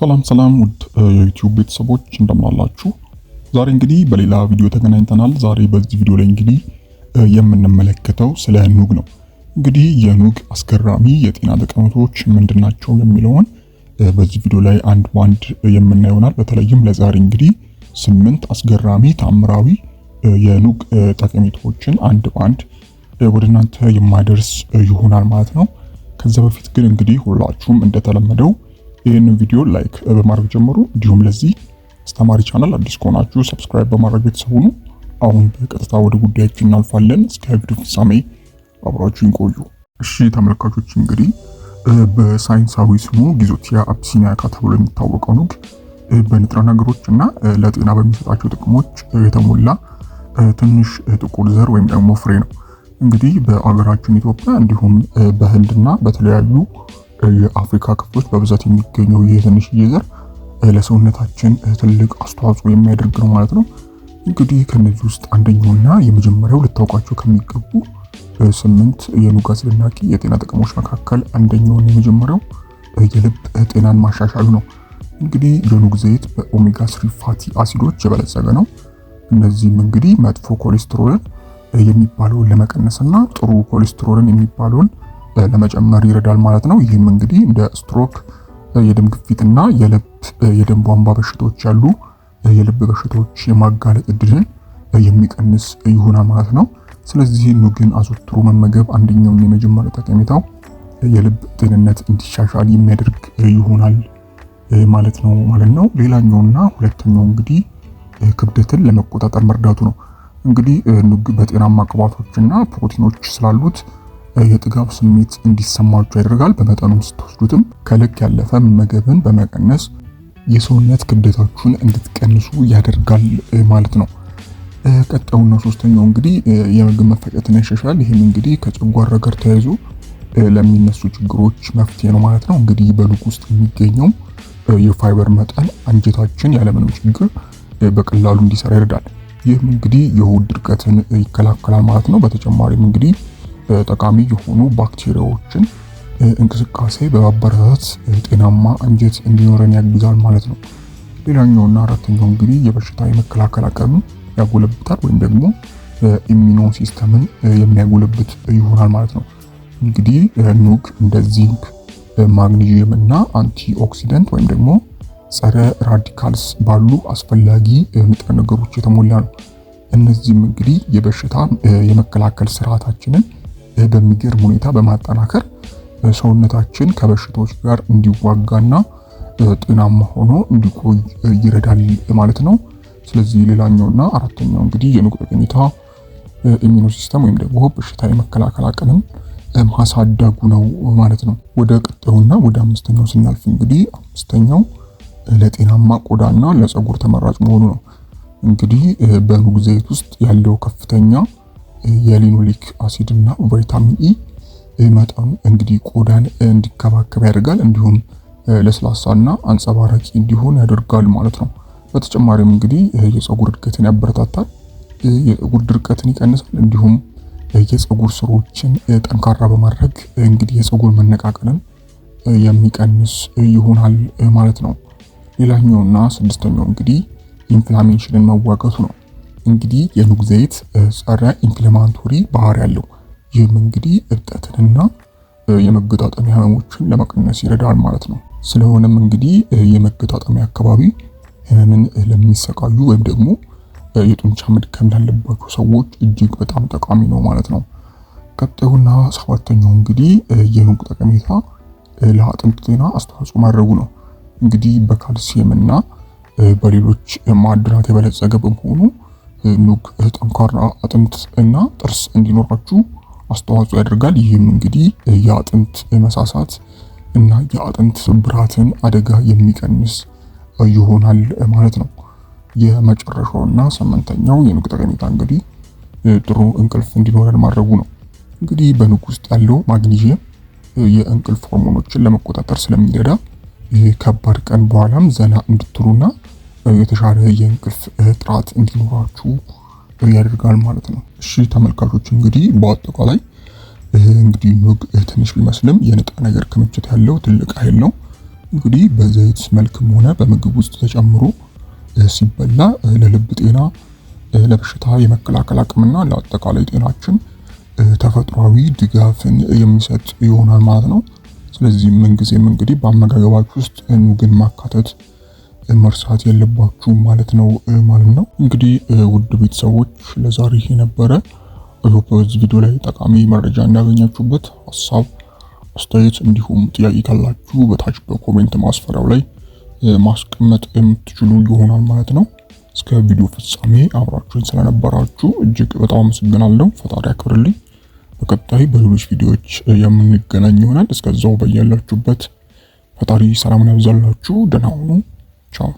ሰላም ሰላም ውድ የዩቲዩብ ቤተሰቦች እንደምናላችሁ። ዛሬ እንግዲህ በሌላ ቪዲዮ ተገናኝተናል። ዛሬ በዚህ ቪዲዮ ላይ እንግዲህ የምንመለከተው ስለ ኑግ ነው። እንግዲህ የኑግ አስገራሚ የጤና ጠቀሜታዎች ምንድናቸው የሚለውን በዚህ ቪዲዮ ላይ አንድ ባንድ የምናየው ይሆናል። በተለይም ለዛሬ እንግዲህ ስምንት አስገራሚ ታምራዊ የኑግ ጠቀሜታዎችን አንድ ባንድ ወደ እናንተ የማደርስ ይሆናል ማለት ነው። ከዚያ በፊት ግን እንግዲህ ሁላችሁም እንደተለመደው ይህንን ቪዲዮ ላይክ በማድረግ ጀምሩ። እንዲሁም ለዚህ አስተማሪ ቻናል አዲስ ከሆናችሁ ሰብስክራይብ በማድረግ ቤተሰብ ሁኑ። አሁን በቀጥታ ወደ ጉዳያችን እናልፋለን። እስከ ቪዲዮ ፍጻሜ አብራችሁን ቆዩ። እሺ ተመልካቾች እንግዲህ በሳይንሳዊ ስሙ ጊዞቲያ አብሲኒያካ ተብሎ የሚታወቀው ኑግ በንጥረ ነገሮች እና ለጤና በሚሰጣቸው ጥቅሞች የተሞላ ትንሽ ጥቁር ዘር ወይም ደግሞ ፍሬ ነው። እንግዲህ በአገራችን ኢትዮጵያ እንዲሁም በህንድና በተለያዩ የአፍሪካ ክፍሎች በብዛት የሚገኘው ይህ ትንሽዬ ዘር ለሰውነታችን ትልቅ አስተዋጽኦ የሚያደርግ ነው ማለት ነው። እንግዲህ ከነዚህ ውስጥ አንደኛውና የመጀመሪያው ልታውቋቸው ከሚገቡ ስምንት የኑግ አስደናቂ የጤና ጥቅሞች መካከል አንደኛውን የመጀመሪያው የልብ ጤናን ማሻሻሉ ነው። እንግዲህ የኑግ ዘይት በኦሜጋ ስሪ ፋቲ አሲዶች የበለጸገ ነው። እነዚህም እንግዲህ መጥፎ ኮሌስትሮልን የሚባለውን ለመቀነስና ጥሩ ኮሌስትሮልን የሚባለውን ለመጨመር ይረዳል ማለት ነው። ይህም እንግዲህ እንደ ስትሮክ፣ የደም ግፊትና የልብ የደም ቧንቧ በሽታዎች ያሉ የልብ በሽታዎች የማጋለጥ እድልን የሚቀንስ ይሆናል ማለት ነው። ስለዚህ ኑግን አዘውትሮ መመገብ አንደኛው የመጀመሪያው ጠቀሜታው የልብ ጤንነት እንዲሻሻል የሚያደርግ ይሆናል ማለት ነው ማለት ነው። ሌላኛውና ሁለተኛው እንግዲህ ክብደትን ለመቆጣጠር መርዳቱ ነው። እንግዲህ ኑግ በጤናማ ቅባቶችና ፕሮቲኖች ስላሉት የጥጋብ ስሜት እንዲሰማችሁ ያደርጋል። በመጠኑ ስትወስዱትም ከልክ ያለፈ ምግብን በመቀነስ የሰውነት ክብደታችሁን እንድትቀንሱ ያደርጋል ማለት ነው። ቀጣዩና ሶስተኛው እንግዲህ የምግብ መፈጨትን ያሻሻል። ይህም እንግዲህ ከጨጓራ ጋር ተያይዞ ለሚነሱ ችግሮች መፍትሄ ነው ማለት ነው። እንግዲህ በልክ ውስጥ የሚገኘው የፋይበር መጠን አንጀታችን ያለምንም ችግር በቀላሉ እንዲሰራ ይረዳል። ይህም እንግዲህ የሆድ ድርቀትን ይከላከላል ማለት ነው። በተጨማሪም እንግዲህ ጠቃሚ የሆኑ ባክቴሪያዎችን እንቅስቃሴ በማበረታት ጤናማ አንጀት እንዲኖረን ያግዛል ማለት ነው። ሌላኛውና አራተኛው እንግዲህ የበሽታ የመከላከል አቅም ያጎለብታል ወይም ደግሞ ኢሚኖ ሲስተምን የሚያጎለብት ይሆናል ማለት ነው። እንግዲህ ኑግ እንደ ዚንክ፣ ማግኒዥየም እና አንቲ ኦክሲደንት ወይም ደግሞ ጸረ ራዲካልስ ባሉ አስፈላጊ ንጥረ ነገሮች የተሞላ ነው። እነዚህም እንግዲህ የበሽታ የመከላከል ስርዓታችንን በሚገርም ሁኔታ በማጠናከር ሰውነታችን ከበሽታዎች ጋር እንዲዋጋና ጤናማ ሆኖ እንዲቆይ ይረዳል ማለት ነው። ስለዚህ ሌላኛውና አራተኛው እንግዲህ የንቁጥ ጠቀሜታ ኢሚኖ ሲስተም ወይም ደግሞ በሽታ የመከላከል አቅምን ማሳደጉ ነው ማለት ነው። ወደ ቀጣዩና ወደ አምስተኛው ስናልፍ እንግዲህ አምስተኛው ለጤናማ ቆዳና ለፀጉር ተመራጭ መሆኑ ነው። እንግዲህ በኑግ ዘይት ውስጥ ያለው ከፍተኛ የሊኖሊክ አሲድ እና ቫይታሚን ኢ መጠኑ እንግዲህ ቆዳን እንዲከባከብ ያደርጋል። እንዲሁም እና አንጸባራቂ እንዲሆን ያደርጋል ማለት ነው። በተጨማሪም እንግዲህ የፀጉር እድገትን ያበረታታል፣ የፀጉር ድርቀትን ይቀንሳል። እንዲሁም የፀጉር ስሮችን ጠንካራ በማድረግ እንግዲህ የፀጉር መነቃቀልን የሚቀንስ ይሆናል ማለት ነው። ሌላኛውና ስድስተኛው እንግዲህ ኢንፍላሜሽንን መዋጋቱ ነው። እንግዲህ የኑግ ዘይት ጸረ ኢንፍላማቶሪ ባህሪ ያለው ይህም እንግዲህ እብጠትንና የመገጣጠሚያ ህመሞችን ለመቀነስ ይረዳል ማለት ነው። ስለሆነም እንግዲህ የመገጣጠሚያ አካባቢ ህመምን ለሚሰቃዩ ወይም ደግሞ የጡንቻ መድከም ላለባቸው ሰዎች እጅግ በጣም ጠቃሚ ነው ማለት ነው። ቀጣዩና ሰባተኛው እንግዲህ የኑግ ጠቀሜታ ለአጥንት ጤና አስተዋጽኦ ማድረጉ ነው። እንግዲህ በካልሲየም እና በሌሎች ማዕድናት የበለጸገ በመሆኑ ኑግ ጠንካራ አጥንት እና ጥርስ እንዲኖራችሁ አስተዋጽኦ ያደርጋል። ይህም እንግዲህ የአጥንት መሳሳት እና የአጥንት ስብራትን አደጋ የሚቀንስ ይሆናል ማለት ነው። የመጨረሻው እና ስምንተኛው የኑግ ጠቀሜታ እንግዲህ ጥሩ እንቅልፍ እንዲኖረን ማድረጉ ነው። እንግዲህ በኑግ ውስጥ ያለው ማግኒዥየም የእንቅልፍ ሆርሞኖችን ለመቆጣጠር ስለሚረዳ ከባድ ቀን በኋላም ዘና እንድትሉና የተሻለ የእንቅልፍ ጥራት እንዲኖራችሁ ያደርጋል ማለት ነው። እሺ ተመልካቾች እንግዲህ በአጠቃላይ እንግዲህ ኑግ ትንሽ ቢመስልም የንጥረ ነገር ክምችት ያለው ትልቅ ኃይል ነው። እንግዲህ በዘይት መልክም ሆነ በምግብ ውስጥ ተጨምሮ ሲበላ ለልብ ጤና፣ ለበሽታ የመከላከል አቅምና ለአጠቃላይ ጤናችን ተፈጥሯዊ ድጋፍን የሚሰጥ ይሆናል ማለት ነው። ስለዚህ ምንጊዜም እንግዲህ በአመጋገባችሁ ውስጥ ኑግን ማካተት መርሳት የለባችሁ ማለት ነው ማለት ነው። እንግዲህ ውድ ቤተሰቦች ለዛሬ የነበረ አይሆፕ በዚህ ቪዲዮ ላይ ጠቃሚ መረጃ እንዳገኛችሁበት ሀሳብ አስተያየት እንዲሁም ጥያቄ ካላችሁ በታች በኮሜንት ማስፈሪያው ላይ ማስቀመጥ የምትችሉ ይሆናል ማለት ነው። እስከ ቪዲዮ ፍጻሜ አብራችሁን ስለነበራችሁ እጅግ በጣም አመሰግናለሁ። ፈጣሪ ያክብርልኝ። በቀጣይ በሌሎች ቪዲዮዎች የምንገናኝ ይሆናል። እስከዛው በያላችሁበት ፈጣሪ ሰላምን ያብዛላችሁ። ደህና ሁኑ። 中。